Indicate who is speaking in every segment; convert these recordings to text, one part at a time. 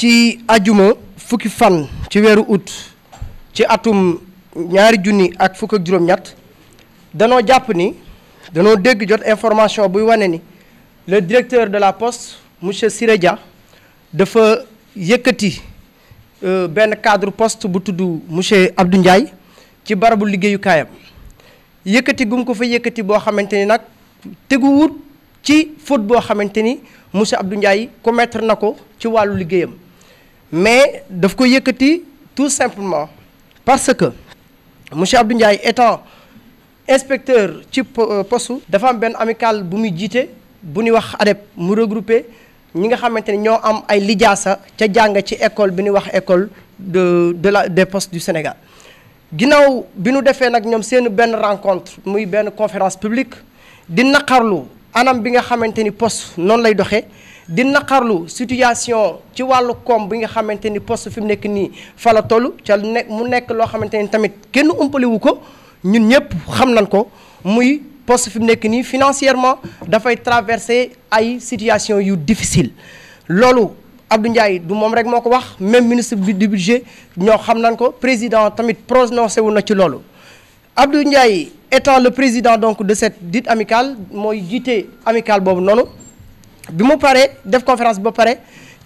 Speaker 1: ci ajuma fukki fan ci weeru août ci atum ñaari junni ak fukk ak juróom-ñett danoo jàpp ni danoo dégg jot information buy wane ni le directeur de la poste monsieur Siré Dia dafa yëkkati euh, benn cadre poste bu tudd monsieur Abdou Ndiaye ci barabu liggéeyukaayam yëkkati gum ko fa yëkkati boo xamante ni nag teguwut ci fóot boo xamante ni monsieur Abdou Ndiaye commettre na ko ci wàllu liggéeyam mais daf ko yëkkati tout simplement parce que monsieur Abdou Ndiaye étant inspecteur ci po euh, poste dafa am benn amicale bu muy jiite bu ñuy wax ADEP mu regroupé ñi nga xamante ne ñoo am ay lijaasa ca jàng ci école bi ñuy wax école de de la des postes du Sénégal ginnaaw bi nu defee nag ñoom seen benn rencontre muy benn conférence publique di naqarlu anam bi nga xamante ni poste noonu lay doxee di naqarlu situation ci wàllu koom bi nga xamante ni post fi mu nekk nii fa la toll ca ne mu nekk loo xamante ni tamit kenn umpaliwu ko ñun ñëpp xam nañ ko muy poste fi mu nekk nii financièrement dafay traverser ay situation yu difficile loolu Abdou Ndiaye du moom rek moo ko wax même ministre du budget ñoo xam nañ ko président tamit prononcé wu na ci loolu Abdou Ndiaye étant le président donc de cette dite amicale mooy jiite amical boobu noonu bi mu paree def conférence ba pare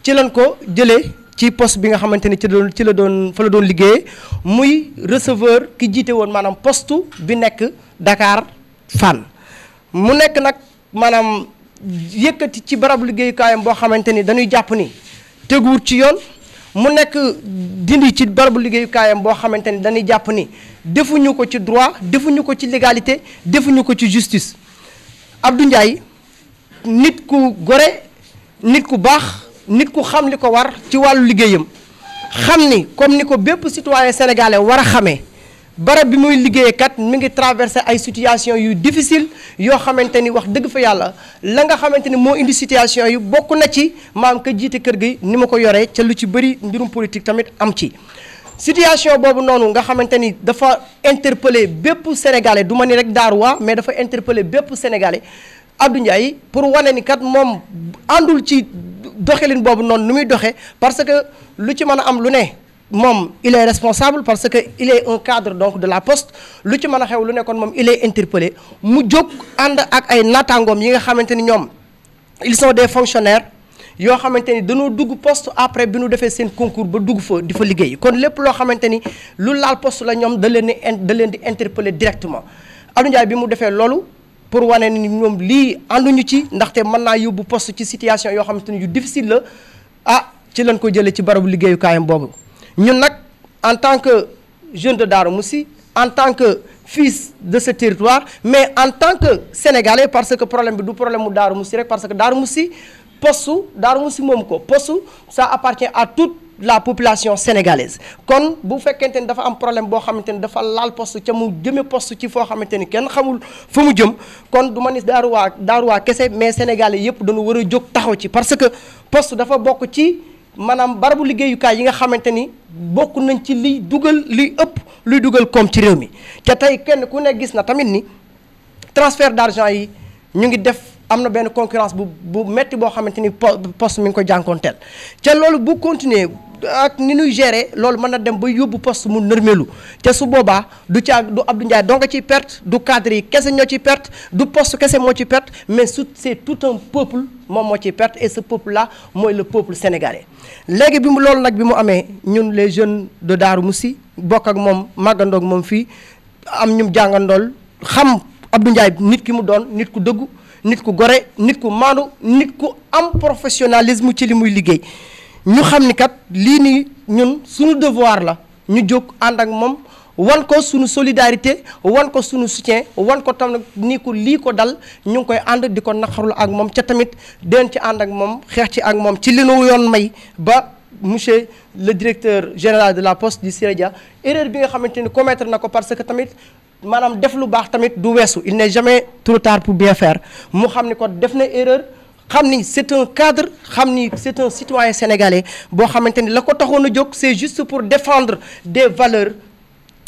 Speaker 1: ci lañ ko jële ci post bi nga xamante ni ci ci la doon fa la doon liggéeyee muy receveur ki jiite woon maanaam poste bi nekk Dakar Fann mu nekk nag maanaam yëkkati ci barabu liggéeyukaayam boo xamante ni dañuy jàpp ni teguwut ci yoon mu nekk dindi ci barabu liggéeyukaayam boo xamante ni dañuy jàpp ni defuñu ko ci droit defuñu ko ci légalité defuñu ko ci justice Abdou Ndiaye nit ku gore nit ku baax nit ku xam li ko war ci wàllu liggéeyam xam ni comme ni ko bépp citoyen sénégalais war a xamee barab bi muy liggéeyee kat mi ngi traversé ay situation yu difficile yoo xamante ni wax dëgg fa yàlla la nga xamante ni moo indi situation yu bokk na ci maam ka jiite kër gi ni ma ko yoree ca lu ci bëri mbirum politique tamit am ci situation boobu noonu nga xamante ni dafa interpellé bépp sénégalais du ma ni rek waa mais dafa interpellé bépp sénégalais Abdou Ndiaye pour wane ni kat moom àndul ci doxelin boobu noonu nu muy doxee parce que lu ci mën a am lu ne moom il est responsable parce que il est un cadre donc de la poste lu ci mën a xew lu ne kon moom il est interpellé mu jóg ànd ak ay naataangoom yi nga xamante ni ñoom il sont des fonctionnaires yoo xamante ni dañoo dugg poste après bi nu defee seen concours ba dugg fa di fa liggéey kon lépp loo xamante ni lu laal poste la ñoom da leen di da leen di interpellé directement Abdou Ndiaye bi mu defee loolu. pour wane ni ñoom lii ànduñu ci ndaxte man naa yóbbu poste ci situation yoo xamante ni yu difficile la ah ci lañ ko jëlee ci barabu liggéeyu kaayam boobu ñun nag en tant que jeune de Darou Moussi en tant que fils de ce territoire mais en tant que sénégalais parce que problème bi du problème mu Darou Moussi rek parce que Darou Moussi poste Darou Moussi moom ko postu ça appartient à toute la population sénégalaise kon bu fekkente ni dafa am problème boo xamante ni dafa laal poste ca mu jëme poste ci foo xamante ni kenn xamul fu mu jëm kon du ma ni daaruwaa daaruwaa kese mais sénégalais yëpp dañu war a jóg taxaw ci parce que poste dafa bokk ci maanaam barabu liggéeyukaay yi nga xamante ni bokk nañ ci liy dugal liy ëpp luy dugal koom ci réew mi te tey kenn ku ne gis na tamit ni transfert d'argent yi ñu ngi def am na benn concurrence bu bu metti boo xamante ni poste mi ngi ko jànkoonteel ca loolu bu continuer ak ni ñuy gérer loolu mën na dem ba yóbbu poste mu nërmelu te su boobaa du caa du Abdou Ndiaye donc ci perte du cadre yi kese ñoo ci perte du post kese moo ci perte mais su c'est tout un peuple moom moo ci perte et ce peuple la mooy le peuple sénégalais. léegi bi mu loolu nag bi mu amee ñun les jeunes de mu si bokk ak moom màggandoog moom fii am ñum jàngandool xam Abdou Ndiaye nit ki mu doon nit ku dëggu. nit ku gore nit ku maandu nit ku am professionnalisme ci li muy liggéey ñu xam ni kat lii nii ñun suñu devoir la ñu jóg ànd ak moom wan ko sunu solidarité wan ko sunu soutien wan ko tam ni ko lii ko dal ñu ngi koy ànd di ko naqarul ak moom ca tamit den ci ànd ak moom xeex ci ak moom ci li nu yoon may ba monsieur le directeur général de la poste du Sirédia erreur bi nga xamante ni commettre na ko parce que tamit maanaam def lu baax tamit du weesu il n'est jamais trop tard pour bien faire mu xam ni kon def na erreur xam ni c'est un cadre xam ni c'est un citoyen sénégalais boo xamante ni la ko taxoon a jóg c'est juste pour défendre des valeurs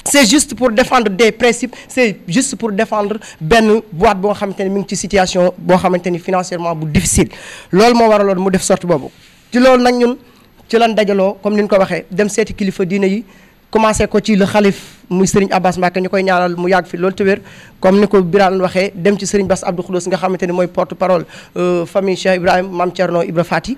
Speaker 1: c'est juste pour défendre des principes c'est juste pour défendre benn boîte boo xamante ni mu ngi ci situation boo xamante ni financièrement bu difficile loolu moo waraloon mu def sorte boobu ci loolu nag ñun ci lan dajaloo comme ni ñu ko waxee dem seeti kilifa diine yi commencé ko ci le xalif muy Serigne Abbas Mbacke ñu koy ñaanal mu yàgg fi loolu te wér comme ni ko Birane waxee dem ci Serigne Bass Abdou Khoudoss nga xamante ni mooy porte parole euh, famille Cheikh Ibrahima Mame Thierno Ibra Fati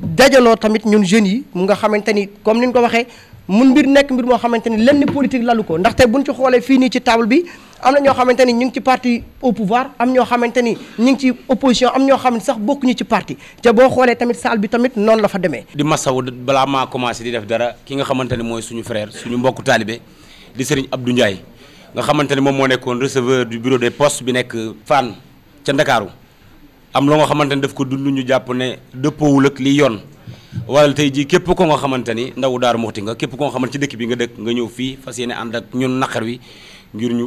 Speaker 1: dajaloo tamit ñun jeunes yi mu nga xamante ni comme ni ñu ko waxee mun mbir nekk mbir moo xamante ni lenn politique lalu ko ndaxte buñ ci xoolee fii nii ci table bi am na ñoo xamante ni ñu ngi ci parti au am ñoo xamante ni ñu ngi ci opposition am ñoo xam ne sax bokkuñu ci parti te boo xoolee tamit salle bi tamit noonu la demee.
Speaker 2: di masawu balaa maa commencé di def dara ki nga xamante ne mooy suñu frère suñu mbokku taalibe di Serigne Abdou Ndiaye nga xamante ne moom moo nekkoon receveur du bureau des postes bi nekk Fann ca Ndakaaru am loo nga xamante ne daf ko dund ñu jàpp ne dëppoowul ak liy yoon. wala tey jii képp ko nga xamante ni daar daaru Muxti nga képp ko nga xamante ci dëkk bi nga dëkk nga ñëw fii fa yéene ànd ak ñun naqar wi ngir ñu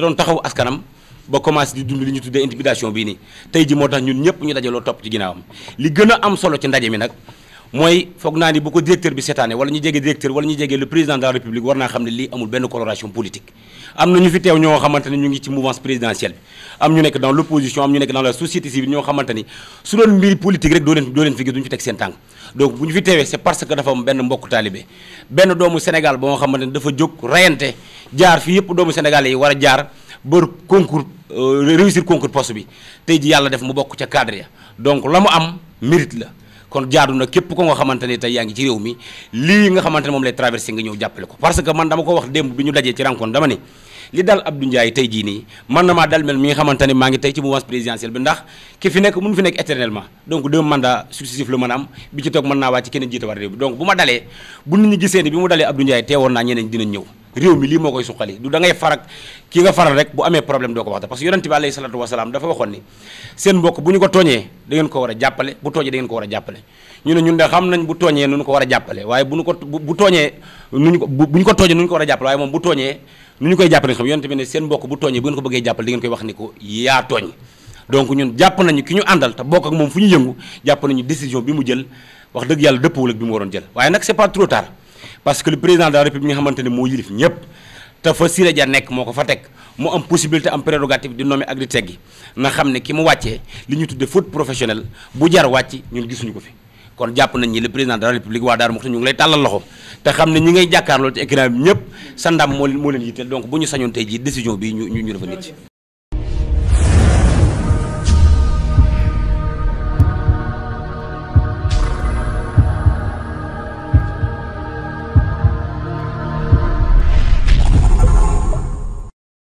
Speaker 2: da doon taxaw askanam ba commencé di dund li ñu tuddee intimidation bii nii tey ji moo tax ñun ñëpp ñu dajaloo topp ci ginnaawam li gën a am solo ci ndaje mi nag mooy foog naa ni bu ko directeur bi seetaane wala ñu jege directeur wala ñu jege le président de la république war naa xam ne lii amul benn coloration politique am na ñu fi teew ñoo xamante ñu ngi ci mouvance présidentielle bi am ñu nekk dans l' opposition am ñu nekk dans la société civile ñoo xamante ni su doon mbiri politique rek doo leen doo leen fi gis duñu fi teg seen tànk donc bu ñu fi teewee c' est parce que dafa am benn mbokk taalibe benn doomu Sénégal boo xamante ne dafa jóg euh, ji yàlla def mu bokk ca cadre ya donc la am mérite la kon jaadu na képp ko nga xamante ne tey yaa ngi ci réew mi lii nga xamante ne moom lay traversé nga ñëw jàppale ko parce que man dama ko wax démb bi ñu dajee ci rencontre dama ne li daal Abdou tey jii man na maa dal mel mi nga xamante ne maa ngi tey ci mouvance présidentielle bi ndax ki fi nekk mënu fi nekk éternellement donc deux mandats successifs la mën a am bi ci toog mën naa wàcc keneen jiite war réew bi donc bu ma dalee bu nit ñi gisee ni bi mu réew mi lii moo koy suqali du da ngay farak ki nga faral rek bu amee problème doo ko wax parce que yonent bi alayhi salaatu wasalaam dafa waxoon ni seen mbokk bu ko tooñee da ngeen ko war a jàppale bu tooñee da a jàppale ñu ne ñun de xam nañ nu ñu ko a jàppale waaye bu ko bu tooñee nu ñu ko bu tooñee nu ñu ko war a jàppale waaye moom bu tooñee nu ñu koy jàppale xam yonent bi ne seen bokk bu tooñee bu ngeen ko bëggee jàppale da ngeen koy wax ni ko yaa tooñ donc ñun jàpp nañu ki ñu àndal te bokk ak moom fu ñu yëngu jàpp nañ décision bi mu jël wax dëgg yàlla dëppawul ak bi waaye nag c'est pas trop parce que le président de la république nga xamante ne moo yilif ñëpp te fa Siré Dia nekk moo ko fa teg mu am possibilité am prérogative di nommer ak di teggi na xam ne ki mu wàccee li ñu tuddee faute professionnelle bu jar wàcc ñun gisuñu ko fi kon jàpp nañ ni le président de la république waa Daaru Muxti ñu ngi lay tàllal loxo te xam ne ñi ngay jàkkaarloo ci écran bi sa ndam moo moo leen yitteel donc bu ñu sañoon tey jii décision bi ñu ñu ñu